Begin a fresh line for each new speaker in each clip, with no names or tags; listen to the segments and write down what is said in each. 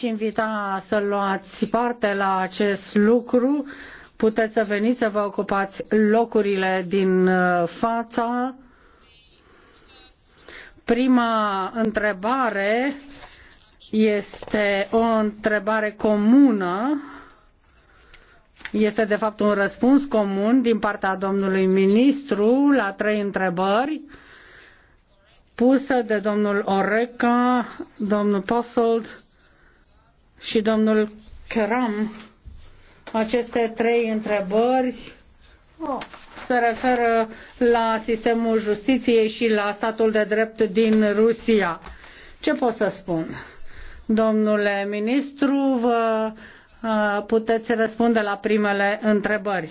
și invita să luați parte la acest lucru. Puteți să veniți să vă ocupați locurile din uh, fața. Prima întrebare este o întrebare comună. Este de fapt un răspuns comun din partea domnului ministru la trei întrebări pusă de domnul Oreca, domnul Posold, și domnul Keram aceste trei întrebări se referă la sistemul justiției și la statul de drept din Rusia. Ce pot să spun? Domnule ministru, vă puteți răspunde la primele întrebări.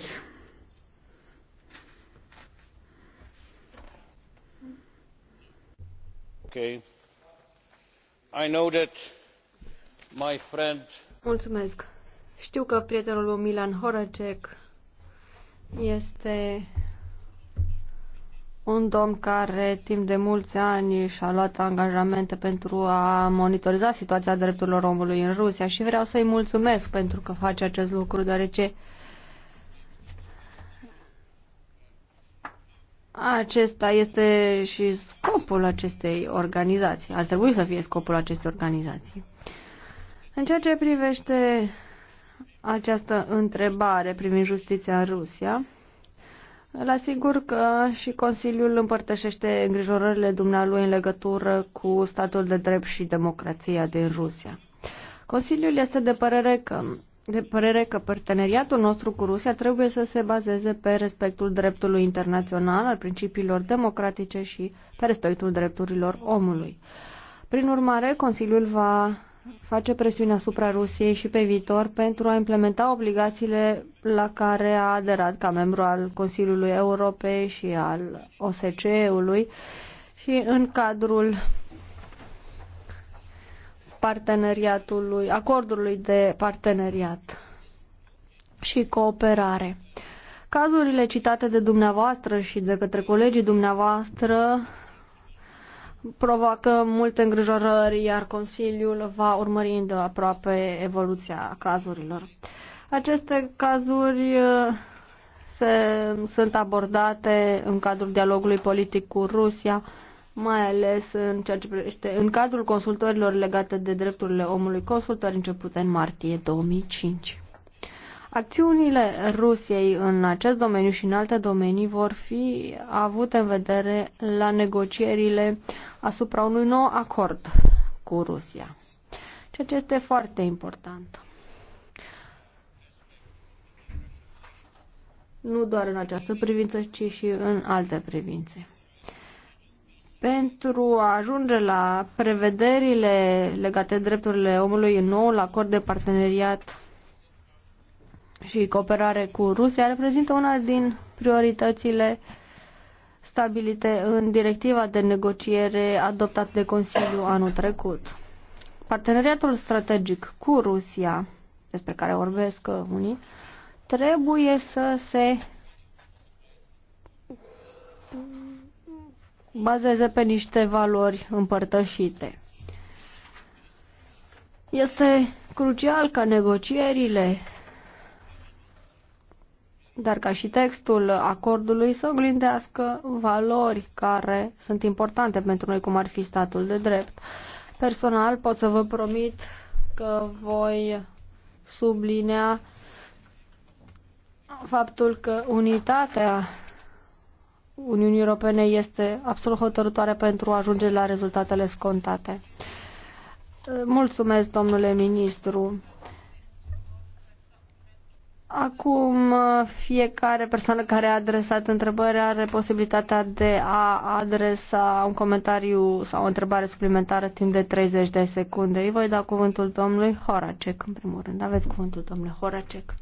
Okay. I know that
My friend...
Mulțumesc. Știu că prietenul meu Milan Horacek este un domn care timp de mulți ani și-a luat angajamente pentru a monitoriza situația drepturilor omului în Rusia și vreau să-i mulțumesc pentru că face acest lucru, deoarece acesta este și scopul acestei organizații. Ar trebui să fie scopul acestei organizații. În ceea ce privește această întrebare privind justiția în Rusia, îl asigur că și Consiliul împărtășește îngrijorările dumnealui în legătură cu statul de drept și democrația din Rusia. Consiliul este de părere că de părere că parteneriatul nostru cu Rusia trebuie să se bazeze pe respectul dreptului internațional, al principiilor democratice și pe respectul drepturilor omului. Prin urmare, Consiliul va face presiune asupra Rusiei și pe viitor pentru a implementa obligațiile la care a aderat ca membru al Consiliului Europei și al OSCE-ului și în cadrul parteneriatului, acordului de parteneriat și cooperare. Cazurile citate de dumneavoastră și de către colegii dumneavoastră provoacă multe îngrijorări, iar Consiliul va urmări aproape evoluția cazurilor. Aceste cazuri uh, se, sunt abordate în cadrul dialogului politic cu Rusia, mai ales în ceea ce privește în cadrul consultărilor legate de drepturile omului, consultări începute în martie 2005. Acțiunile Rusiei în acest domeniu și în alte domenii vor fi avute în vedere la negocierile asupra unui nou acord cu Rusia, ceea ce este foarte important. Nu doar în această privință, ci și în alte privințe. Pentru a ajunge la prevederile legate drepturile omului în noul acord de parteneriat și cooperare cu Rusia reprezintă una din prioritățile stabilite în directiva de negociere adoptată de Consiliu anul trecut. Parteneriatul strategic cu Rusia, despre care vorbesc uh, unii, trebuie să se bazeze pe niște valori împărtășite. Este crucial ca negocierile dar ca și textul acordului să oglindească valori care sunt importante pentru noi, cum ar fi statul de drept. Personal pot să vă promit că voi sublinea faptul că unitatea Uniunii Europene este absolut hotărătoare pentru a ajunge la rezultatele scontate. Mulțumesc, domnule ministru. Acum fiecare persoană care a adresat întrebări are posibilitatea de a adresa un comentariu sau o întrebare suplimentară timp de 30 de secunde. Îi voi da cuvântul domnului Horacek, în primul rând. Aveți cuvântul, domnule Horacek.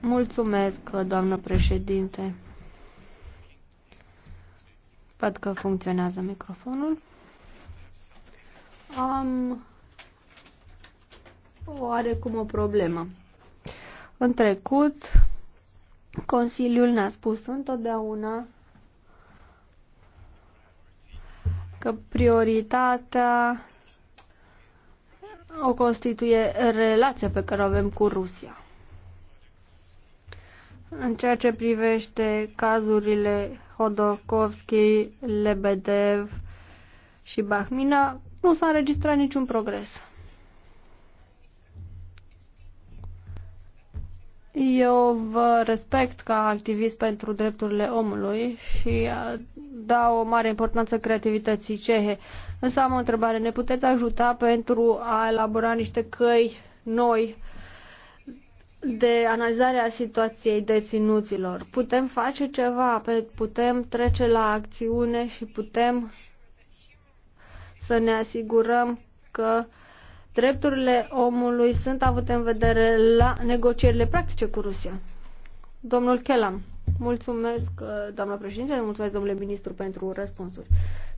Mulțumesc, doamnă președinte. Văd că funcționează microfonul. Am oarecum o problemă. În trecut, Consiliul ne-a spus întotdeauna că prioritatea o constituie relația pe care o avem cu Rusia. În ceea ce privește cazurile Hodorkovski, Lebedev și Bahmina, nu s-a înregistrat niciun progres. Eu vă respect ca activist pentru drepturile omului și uh, dau o mare importanță creativității cehe. Însă am o întrebare. Ne puteți ajuta pentru a elabora niște căi noi de analizarea situației deținuților? Putem face ceva? Putem trece la acțiune și putem să ne asigurăm că uh, Drepturile omului sunt avute în vedere la negocierile practice cu Rusia. Domnul Kelam, mulțumesc, uh, doamna președinte, mulțumesc, domnule ministru, pentru răspunsuri.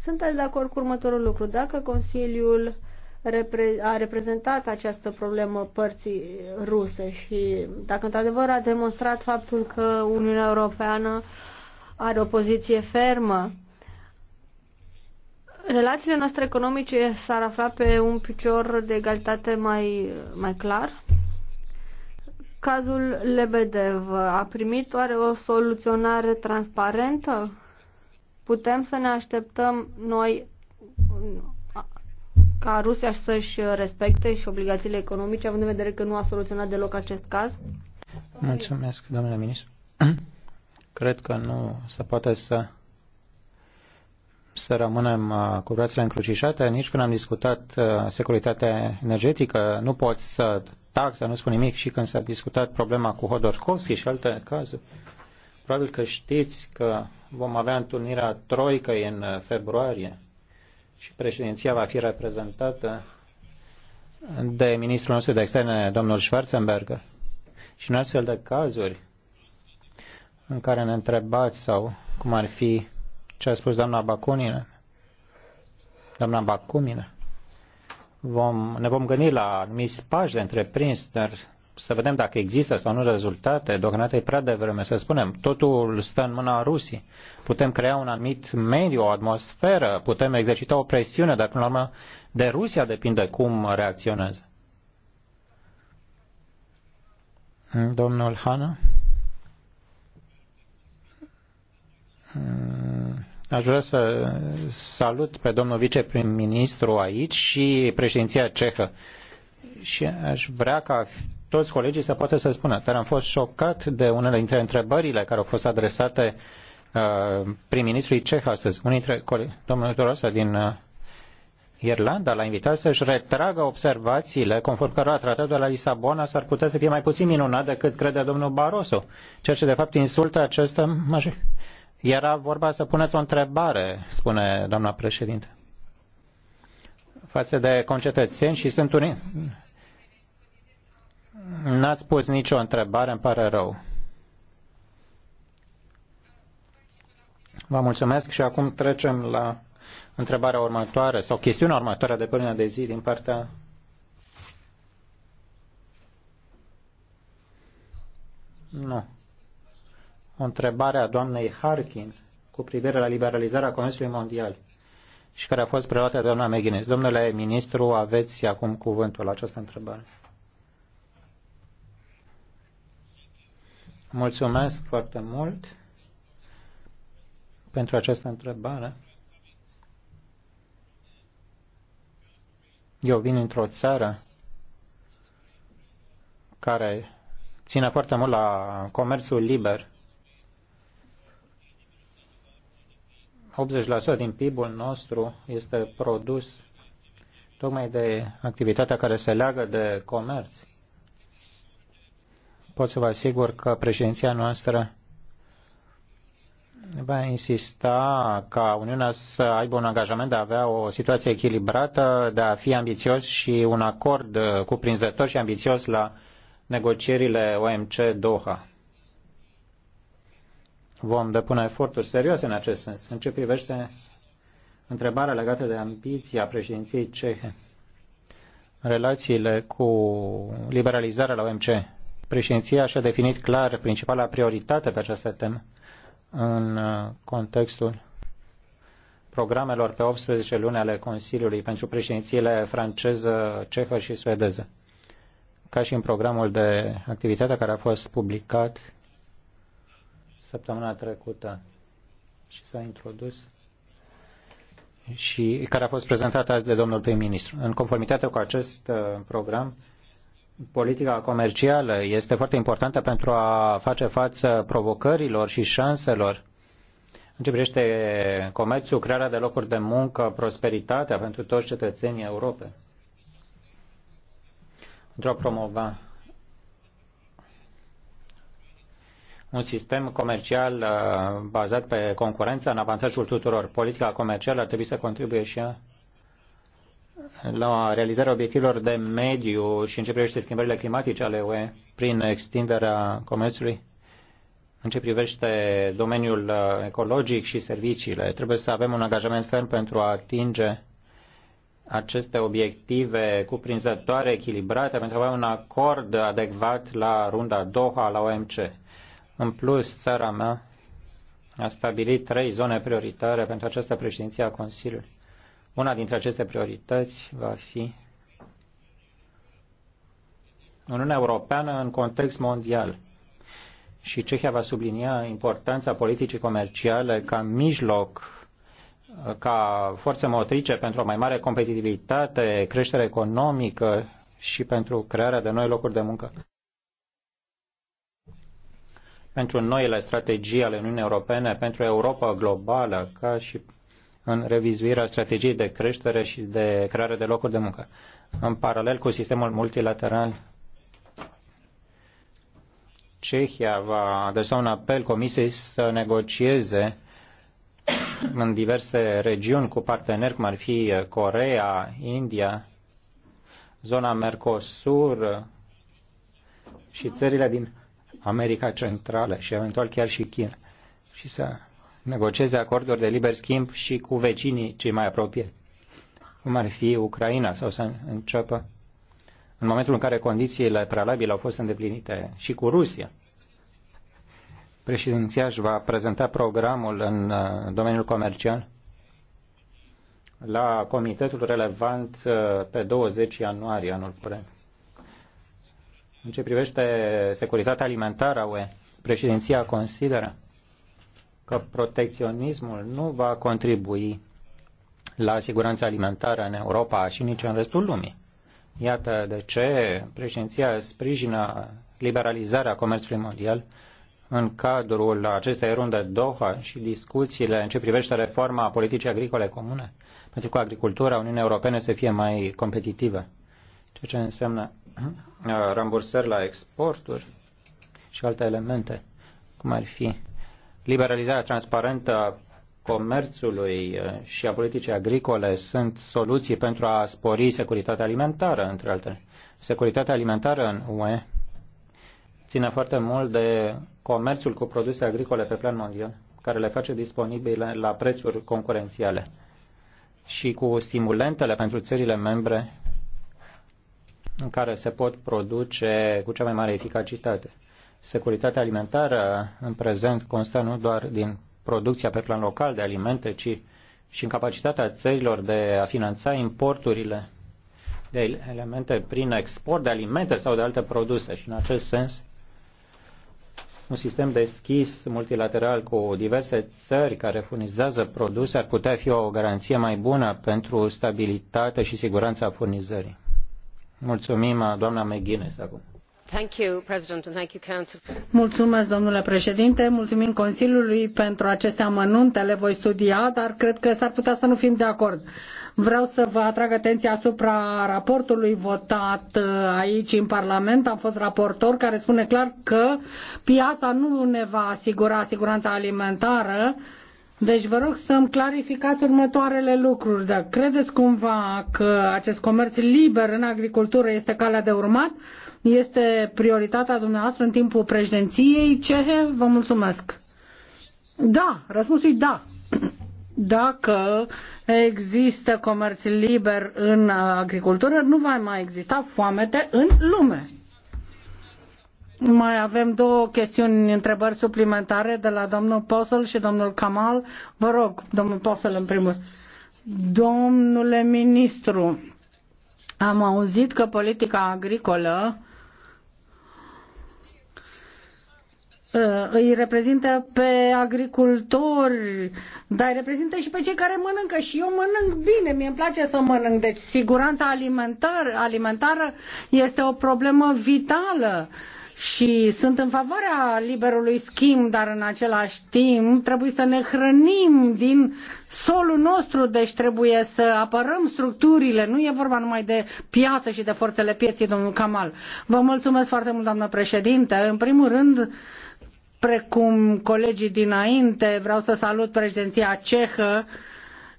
Sunteți de acord cu următorul lucru. Dacă Consiliul a reprezentat această problemă părții ruse și dacă într-adevăr a demonstrat faptul că Uniunea Europeană are o poziție fermă Relațiile noastre economice s-ar afla pe un picior de egalitate mai, mai clar. Cazul Lebedev a primit oare o soluționare transparentă? Putem să ne așteptăm noi ca Rusia să-și respecte și obligațiile economice, având în vedere că nu a soluționat deloc acest caz?
Mulțumesc, domnule ministru. Cred că nu se poate să să rămânem uh, cu brațele încrucișate. Nici când am discutat uh, securitatea energetică, nu poți să tac, să nu spun nimic și când s-a discutat problema cu Hodorkovski și alte cazuri. Probabil că știți că vom avea întâlnirea troică în uh, februarie și președinția va fi reprezentată de ministrul nostru de externe, domnul Schwarzenberger. Și în astfel de cazuri în care ne întrebați sau cum ar fi ce a spus doamna Bacunine. Doamna Bacumine. Vom, ne vom gândi la anumiți pași de întreprins, dar să vedem dacă există sau nu rezultate. Deocamdată e prea devreme să spunem. Totul stă în mâna Rusiei. Putem crea un anumit mediu, o atmosferă, putem exercita o presiune, dar până la urmă de Rusia depinde cum reacționează. Domnul Hanna? Ă, aș vrea să salut pe domnul viceprim-ministru aici și președinția cehă. Și aș vrea ca toți colegii să poată să spună, dar am fost șocat de unele dintre întrebările care au fost adresate ă, prim-ministrului ceh astăzi. Unii dintre colegi, domnul Torosa din ă, Irlanda l-a invitat să-și retragă observațiile conform cărora tratatul de la Lisabona s-ar putea să fie mai puțin minunat decât crede domnul Barroso, ceea ce de fapt insultă această majoritate era vorba să puneți o întrebare, spune doamna președinte, față de concetățeni și sunt unii. N-ați pus nicio întrebare, îmi pare rău. Vă mulțumesc și acum trecem la întrebarea următoare sau chestiunea următoare de până de zi din partea Nu o întrebare a doamnei Harkin cu privire la liberalizarea Comerțului Mondial și care a fost preluată de doamna McGuinness. Domnule ministru, aveți acum cuvântul la această întrebare. Mulțumesc foarte mult pentru această întrebare. Eu vin într-o țară care ține foarte mult la comerțul liber 80% din PIB-ul nostru este produs tocmai de activitatea care se leagă de comerț. Pot să vă asigur că președinția noastră va insista ca Uniunea să aibă un angajament de a avea o situație echilibrată, de a fi ambițios și un acord cuprinzător și ambițios la negocierile OMC Doha vom depune eforturi serioase în acest sens. În ce privește întrebarea legată de ambiția președinției cehe în relațiile cu liberalizarea la OMC, președinția și-a definit clar principala prioritate pe această temă în uh, contextul programelor pe 18 luni ale Consiliului pentru președințiile franceză, cehă și suedeză, ca și în programul de activitate care a fost publicat săptămâna trecută și s-a introdus și care a fost prezentată azi de domnul prim-ministru. În conformitate cu acest uh, program, politica comercială este foarte importantă pentru a face față provocărilor și șanselor în ce privește comerțul, crearea de locuri de muncă, prosperitatea pentru toți cetățenii Europei. Pentru a promova un sistem comercial uh, bazat pe concurență în avantajul tuturor. Politica comercială ar trebui să contribuie și la realizarea obiectivelor de mediu și în ce privește schimbările climatice ale UE prin extinderea comerțului în ce privește domeniul uh, ecologic și serviciile. Trebuie să avem un angajament ferm pentru a atinge aceste obiective cuprinzătoare, echilibrate, pentru a avea un acord adecvat la runda Doha, la OMC. În plus, țara mea a stabilit trei zone prioritare pentru această președinție a Consiliului. Una dintre aceste priorități va fi Uniunea Europeană în context mondial. Și Cehia va sublinia importanța politicii comerciale ca mijloc, ca forță motrice pentru o mai mare competitivitate, creștere economică și pentru crearea de noi locuri de muncă pentru noile strategii ale Uniunii Europene, pentru Europa globală, ca și în revizuirea strategiei de creștere și de creare de locuri de muncă, în paralel cu sistemul multilateral Cehia va adresa un apel Comisiei să negocieze în diverse regiuni cu parteneri, cum ar fi Corea, India, zona Mercosur și țările din America Centrală și eventual chiar și China și să negocieze acorduri de liber schimb și cu vecinii cei mai apropiați, cum ar fi Ucraina, sau să înceapă în momentul în care condițiile prealabile au fost îndeplinite și cu Rusia. Președinția își va prezenta programul în uh, domeniul comercial la comitetul relevant uh, pe 20 ianuarie anul curent. În ce privește securitatea alimentară a UE, președinția consideră că protecționismul nu va contribui la siguranța alimentară în Europa și nici în restul lumii. Iată de ce președinția sprijină liberalizarea comerțului mondial în cadrul acestei runde Doha și discuțiile în ce privește reforma politicii agricole comune, pentru că agricultura Uniunii Europene să fie mai competitivă, ceea ce înseamnă Uh, rambursări la exporturi și alte elemente, cum ar fi liberalizarea transparentă a comerțului uh, și a politicii agricole sunt soluții pentru a spori securitatea alimentară, între altele. Securitatea alimentară în UE ține foarte mult de comerțul cu produse agricole pe plan mondial, care le face disponibile la prețuri concurențiale și cu stimulentele pentru țările membre în care se pot produce cu cea mai mare eficacitate. Securitatea alimentară în prezent constă nu doar din producția pe plan local de alimente, ci și în capacitatea țărilor de a finanța importurile de elemente prin export de alimente sau de alte produse. Și în acest sens, un sistem deschis, multilateral, cu diverse țări care furnizează produse ar putea fi o garanție mai bună pentru stabilitate și siguranța furnizării. Mulțumim,
Mulțumesc, domnule președinte, mulțumim Consiliului pentru aceste amănunte, le voi studia, dar cred că s-ar putea să nu fim de acord. Vreau să vă atrag atenția asupra raportului votat uh, aici în Parlament. Am fost raportor care spune clar că piața nu ne va asigura siguranța alimentară, uh, deci vă rog să-mi clarificați următoarele lucruri. Da, credeți cumva că acest comerț liber în agricultură este calea de urmat, este prioritatea dumneavoastră în timpul președinției cehe? Vă mulțumesc. Da, răspunsul e da. Dacă există comerț liber în agricultură, nu va mai exista foamete în lume. Mai avem două chestiuni, întrebări suplimentare de la domnul Posel și domnul Kamal. Vă rog, domnul Posel, în primul rând. Domnule ministru, am auzit că politica agricolă uh, îi reprezintă pe agricultori, dar îi reprezintă și pe cei care mănâncă și eu mănânc bine, mi-e place să mănânc. Deci siguranța alimentară, alimentară este o problemă vitală. Uh, și sunt în favoarea liberului schimb, dar în același timp trebuie să ne hrănim din solul nostru, deci trebuie să apărăm structurile. Nu e vorba numai de piață și de forțele pieții, domnul Kamal. Vă mulțumesc foarte mult, doamnă președinte. În primul rând, precum colegii dinainte, vreau să salut președinția cehă,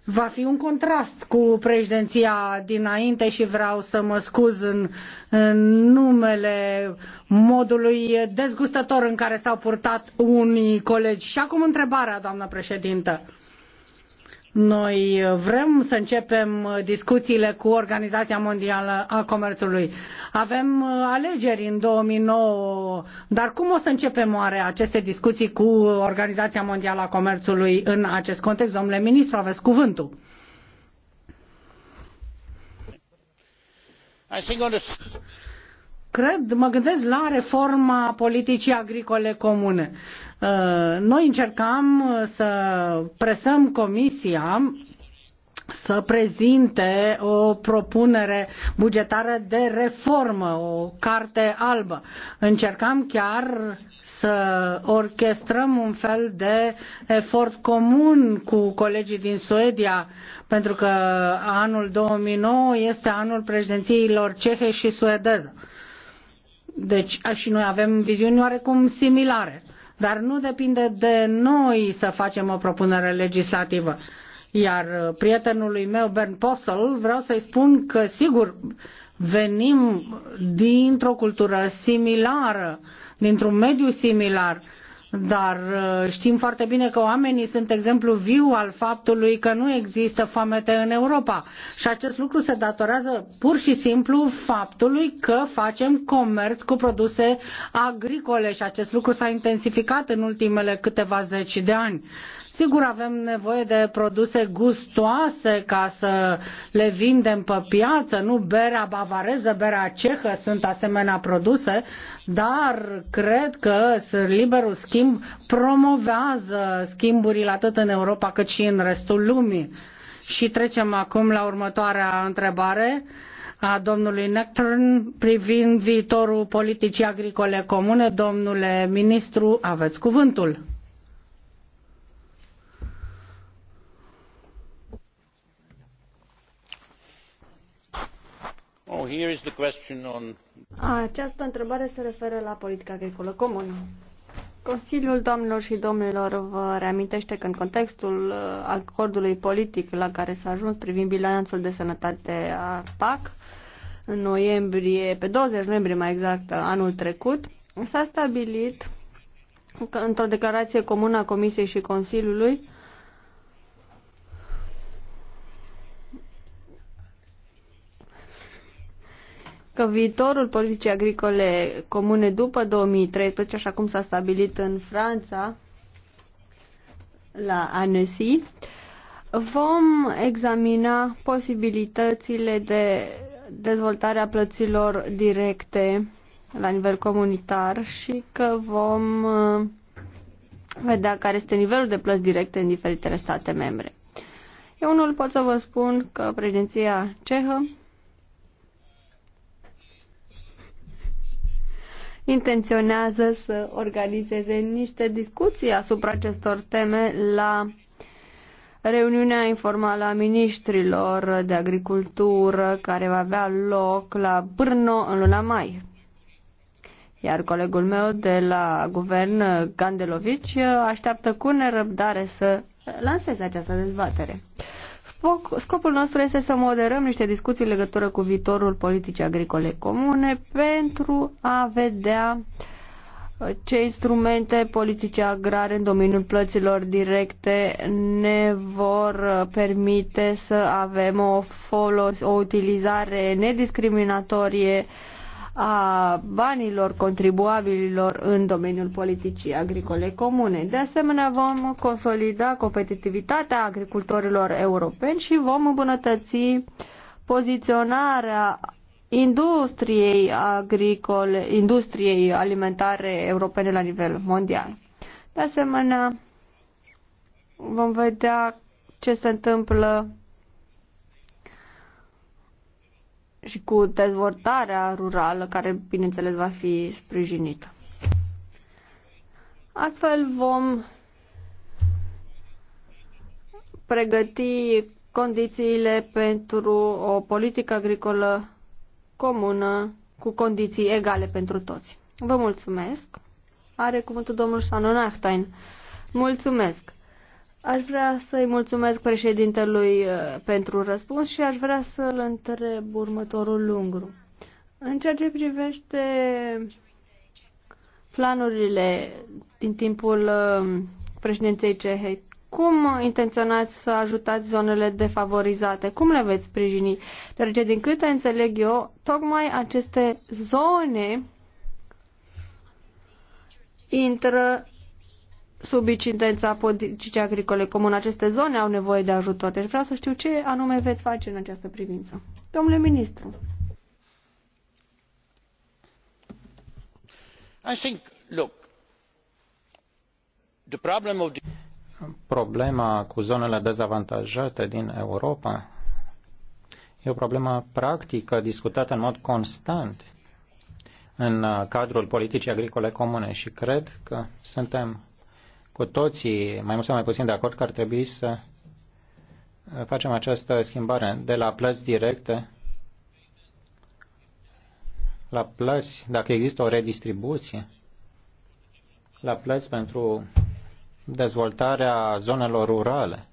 va fi un contrast cu președinția dinainte și vreau să mă scuz în, în numele modului dezgustător în care s-au purtat unii colegi. Și acum întrebarea, doamnă președintă. Noi vrem să începem uh, discuțiile cu Organizația Mondială a Comerțului. Avem uh, alegeri în 2009, dar cum o să începem oare aceste discuții cu Organizația Mondială a Comerțului în acest context? Domnule ministru, aveți cuvântul cred, mă gândesc la reforma politicii agricole comune. Uh, noi încercam uh, să presăm Comisia să prezinte o propunere bugetară de reformă, o carte albă. Încercam chiar să orchestrăm un fel de efort comun cu colegii din Suedia, pentru că anul 2009 este anul președințiilor cehe și suedeză deci și noi avem viziuni oarecum similare, dar nu depinde de noi să facem o propunere legislativă. Iar uh, prietenului meu, Bern Postel, vreau să-i spun că, sigur, venim dintr-o cultură similară, dintr-un mediu similar, dar uh, știm foarte bine că oamenii sunt exemplu viu al faptului că nu există foamete în Europa. Și acest lucru se datorează pur și simplu faptului că facem comerț cu produse agricole și acest lucru s-a intensificat în ultimele câteva zeci de ani. Sigur, avem nevoie de produse gustoase ca să le vindem pe piață, nu berea bavareză, berea cehă sunt asemenea produse, dar cred că liberul schimb promovează schimburile atât în Europa cât și în restul lumii. Și trecem acum la următoarea întrebare a domnului Necturn privind viitorul politicii agricole comune. Domnule ministru, aveți cuvântul.
Oh,
această întrebare se referă la politica agricolă comună. Consiliul Doamnelor și Domnilor vă reamintește că în contextul uh, acordului politic la care s-a ajuns privind bilanțul de sănătate a PAC, în noiembrie, pe 20 noiembrie mai exact, uh, anul trecut, s-a stabilit într-o declarație comună a Comisiei și Consiliului că viitorul politicii agricole comune după 2013, așa cum s-a stabilit în Franța, la Annecy, vom examina posibilitățile de dezvoltare a plăților directe la nivel comunitar și că vom uh, vedea care este nivelul de plăți directe în diferitele state membre. Eu unul pot să vă spun că președinția cehă intenționează să organizeze niște discuții asupra acestor teme la reuniunea informală a ministrilor de agricultură care va avea loc la Brno în luna mai. Iar colegul meu de la guvern, Gandelovici, așteaptă cu nerăbdare să lanseze această dezbatere. Scopul nostru este să moderăm niște discuții în legătură cu viitorul politicii agricole comune pentru a vedea uh, ce instrumente politice agrare în domeniul plăților directe ne vor uh, permite să avem o, folos, o utilizare nediscriminatorie a banilor contribuabililor în domeniul politicii agricole comune. De asemenea, vom consolida competitivitatea agricultorilor europeni și vom îmbunătăți poziționarea industriei agricole, industriei alimentare europene la nivel mondial. De asemenea, vom vedea ce se întâmplă și cu dezvoltarea rurală, care, bineînțeles, va fi sprijinită. Astfel vom pregăti condițiile pentru o politică agricolă comună cu condiții egale pentru toți. Vă mulțumesc. Are cuvântul domnul Shannon Achtein. Mulțumesc. Aș vrea să-i mulțumesc președintelui uh, pentru răspuns și aș vrea să-l întreb următorul lucru. În ceea ce privește planurile din timpul uh, președinței cehei, cum intenționați să ajutați zonele defavorizate? Cum le veți sprijini? Deoarece, din câte înțeleg eu, tocmai aceste zone intră sub incidența politicii agricole comune. Aceste zone au nevoie de ajutor. Deci vreau să știu ce anume veți face în această privință. Domnule ministru.
I think, look, the problem of the... Problema cu zonele dezavantajate din Europa e o problemă practică discutată în mod constant în uh, cadrul politicii agricole comune și cred că suntem cu toții, mai mult sau mai puțin de acord, că ar trebui să uh, facem această schimbare de la plăți directe la plăți, dacă există o redistribuție, la plăți pentru dezvoltarea zonelor rurale,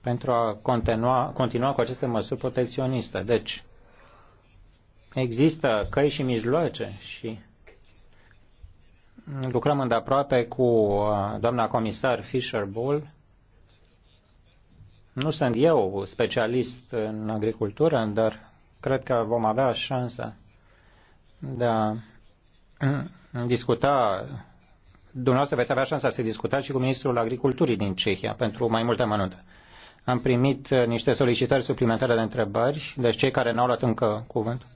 pentru a continua, continua cu aceste măsuri protecționiste. Deci, există căi și mijloace și lucrăm îndeaproape cu uh, doamna comisar Fisher Bull. Nu sunt eu specialist în agricultură, dar cred că vom avea șansa de a discuta dumneavoastră veți avea șansa să discutați și cu Ministrul Agriculturii din Cehia pentru mai multe amănunte. Am primit uh, niște solicitări suplimentare de întrebări, deci cei care n-au luat încă cuvânt.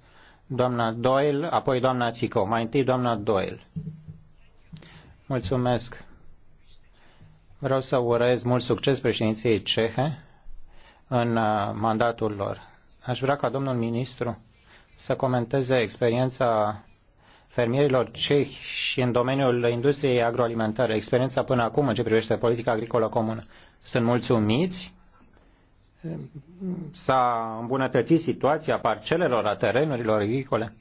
Doamna Doyle, apoi doamna Țico. Mai întâi doamna Doyle. Mulțumesc. Vreau să urez mult succes președinției cehe în uh, mandatul lor. Aș vrea ca domnul ministru să comenteze experiența fermierilor cehi și în domeniul industriei agroalimentare, experiența până acum în ce privește politica agricolă comună. Sunt mulțumiți? S-a îmbunătățit situația parcelelor, a terenurilor agricole?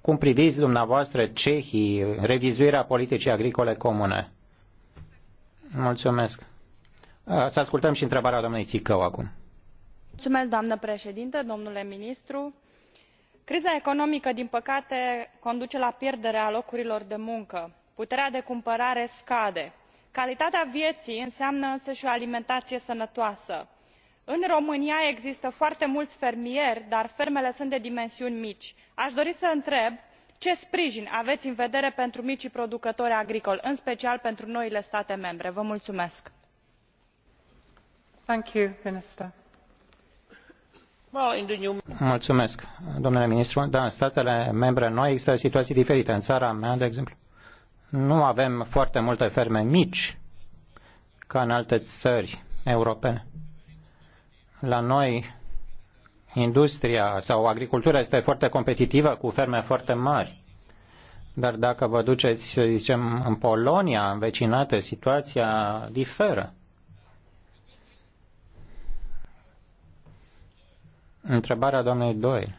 Cum priviți dumneavoastră cehii revizuirea politicii agricole comune? Mulțumesc. Să ascultăm și întrebarea doamnei Țicău acum.
Mulțumesc, doamnă președinte, domnule ministru. Criza economică, din păcate, conduce la pierderea locurilor de muncă. Puterea de cumpărare scade. Calitatea vieții înseamnă însă și o alimentație sănătoasă în românia există foarte muli fermieri dar fermele sunt de dimensiuni mici. Aș dori să întreb ce sprijin aveți în vedere pentru micii producători agricoli în special pentru noile state membre? vă mulumesc.
Mulțumesc, domnule ministru da în statele membre noi există situații diferite. în țara mea de exemplu nu avem foarte multe ferme mici ca în alte țări europene la noi, industria sau agricultura este foarte competitivă cu ferme foarte mari. Dar dacă vă duceți, să zicem, în Polonia, în vecinate, situația diferă. Întrebarea doamnei Doi.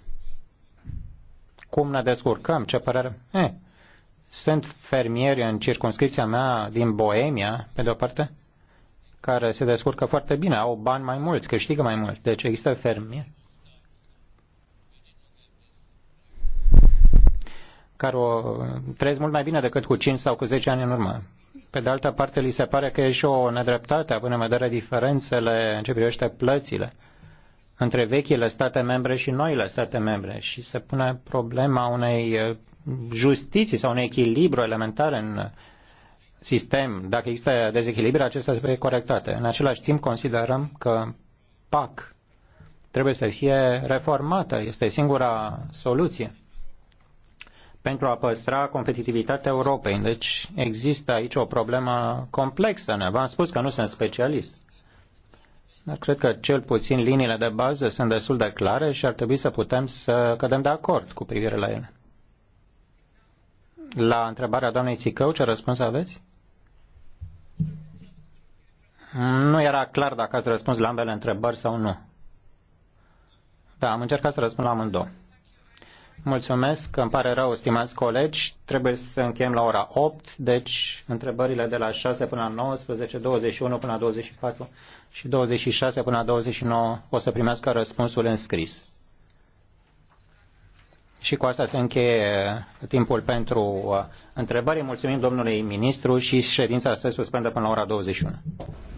Cum ne descurcăm? Ce părere? Eh, sunt fermieri în circunscripția mea din Boemia, pe de-o parte, care se descurcă foarte bine, au bani mai mulți, câștigă mai mult. Deci există fermieri care o trăiesc mult mai bine decât cu 5 sau cu 10 ani în urmă. Pe de altă parte, li se pare că e și o nedreptate, având în vedere diferențele în ce privește plățile între vechile state membre și noile state membre și se pune problema unei justiții sau unui echilibru elementar în sistem, dacă există dezechilibre, acestea trebuie corectate. În același timp, considerăm că PAC trebuie să fie reformată. Este singura soluție pentru a păstra competitivitatea Europei. Deci există aici o problemă complexă. Ne v-am spus că nu sunt specialist. Dar cred că cel puțin liniile de bază sunt destul de clare și ar trebui să putem să cădem de acord cu privire la ele. La întrebarea doamnei Țicău, ce răspuns aveți? Nu era clar dacă ați răspuns la ambele întrebări sau nu. Da, am încercat să răspund la amândouă. Mulțumesc, îmi pare rău, stimați colegi. Trebuie să încheiem la ora 8, deci întrebările de la 6 până la 19, 21 până la 24 și 26 până la 29 o să primească răspunsul în scris. Și cu asta se încheie timpul pentru uh, întrebări. Mulțumim domnului ministru și ședința se suspendă până la ora 21.